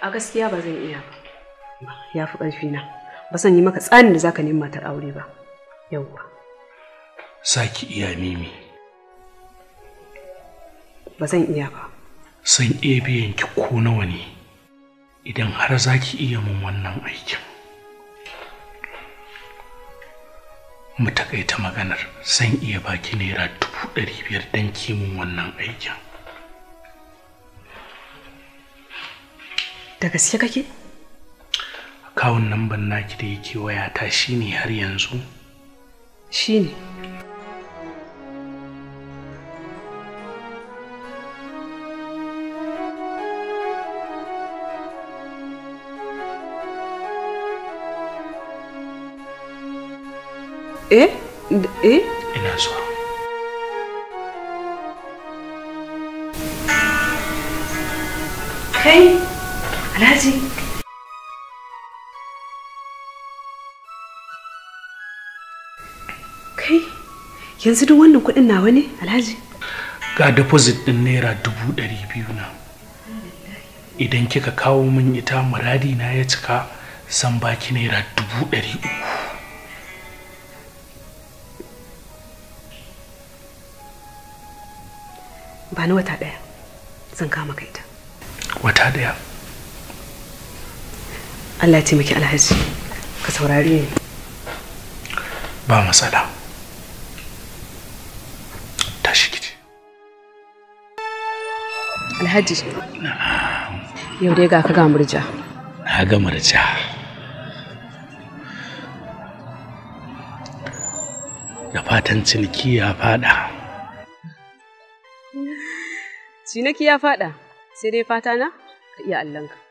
A gaskiya ba zan iya ba. Ya fi ƙarfi na. Ba zan yi maka tsarin da zaka nemi matar aure ba. Yawwa. Saki iya mimi. Ba zan iya ba. San ebe yanki ko nawa ne idan har zaki iya mun wannan aikin. Mu takaita maganar san iya baki naira dubu ɗari biyar don mun wannan aikin. da gaske kake kawun namban naki da yake wayata shine har yanzu shine eh eh ina zuwa kai alhaji kai yanzu duk wannan kuɗin nawa ne alhaji ga deposit ɗin naira dubu ɗari biyu na idan kika kawo min ita muradi na ya cika san baki naira dubu ɗari uku ba wata ɗaya zan kama ka ita wata ɗaya Allah ya taimaki alhaji ka saurare ni ba matsala tashi kici alhaji yau dai ga ka ga murja na ga murja da fatan ciniki ya fada ciniki ya fada sai dai fata na ka iya allanka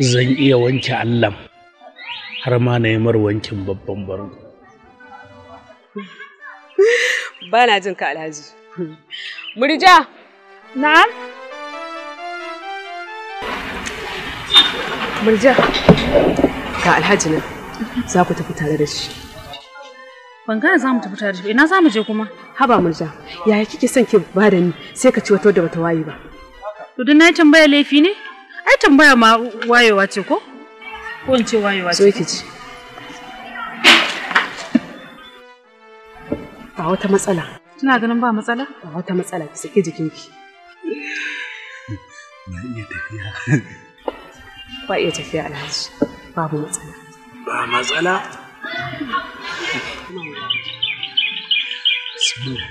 zan iya wanke allam har ma na yi mar wankin babban bargo ba na jin ka alhaji Murija! na'am Murija, ga alhaji nan za ku tafi tare da shi ban gane za mu tafi tare da shi ina za mu je kuma haba Murija, yaya kike son ki ba da ni sai ka ci wata da bata wayi ba to dan na tambaya laifi ne ai tambaya ma wayewa ce ko ko in ce wayewa ce so ki ci ba wata matsala kina ganin ba matsala ba wata matsala ki saki jikinki na iya tafiya ba iya tafiya alhaji babu matsala ba matsala Bismillah.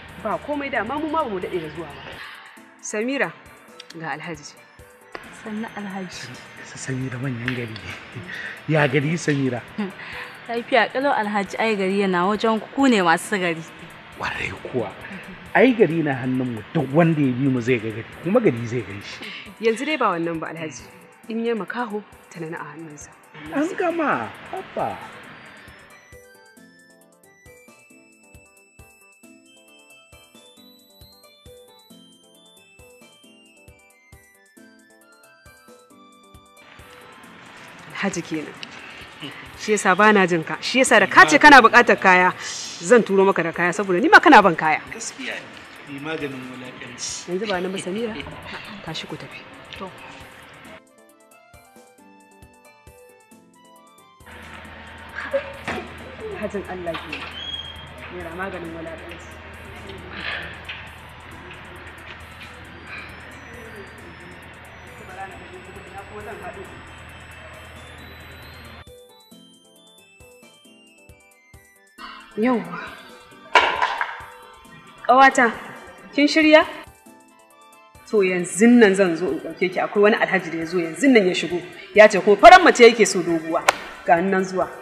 ba komai da, mu ma ba mu daɗe da zuwa ba samira ga alhaji sannan alhaji samira manyan gari ya gari samira lafiya kalo alhaji ai gari yana wajen ku ne masu gari warai kuwa ai gari na mu duk wanda ya bi mu zai ga gari kuma gari zai gan shi yanzu dai ba wannan ba alhaji in ya makaho tana a hannunsa an gama haba haji kenan. Shi yasa ba na jin ka. Shi yasa da ka ce kana buƙatar kaya zan turo maka da kaya saboda ni ma kana ban kaya. Gaskiya ne. maganin wulaƙanci. Yanzu ba na ba Samira. Tashi ku tafi. To. Hajin Allah ke. Mira maganin wulaƙanci. Thank you. Yauwa. Ƙawata, kin shirya? To yanzu nan zan zo in ɗauke ki akwai wani alhaji da ya zo yanzu nan ya shigo ya ce kuma faran mace yake so doguwa ga nan zuwa.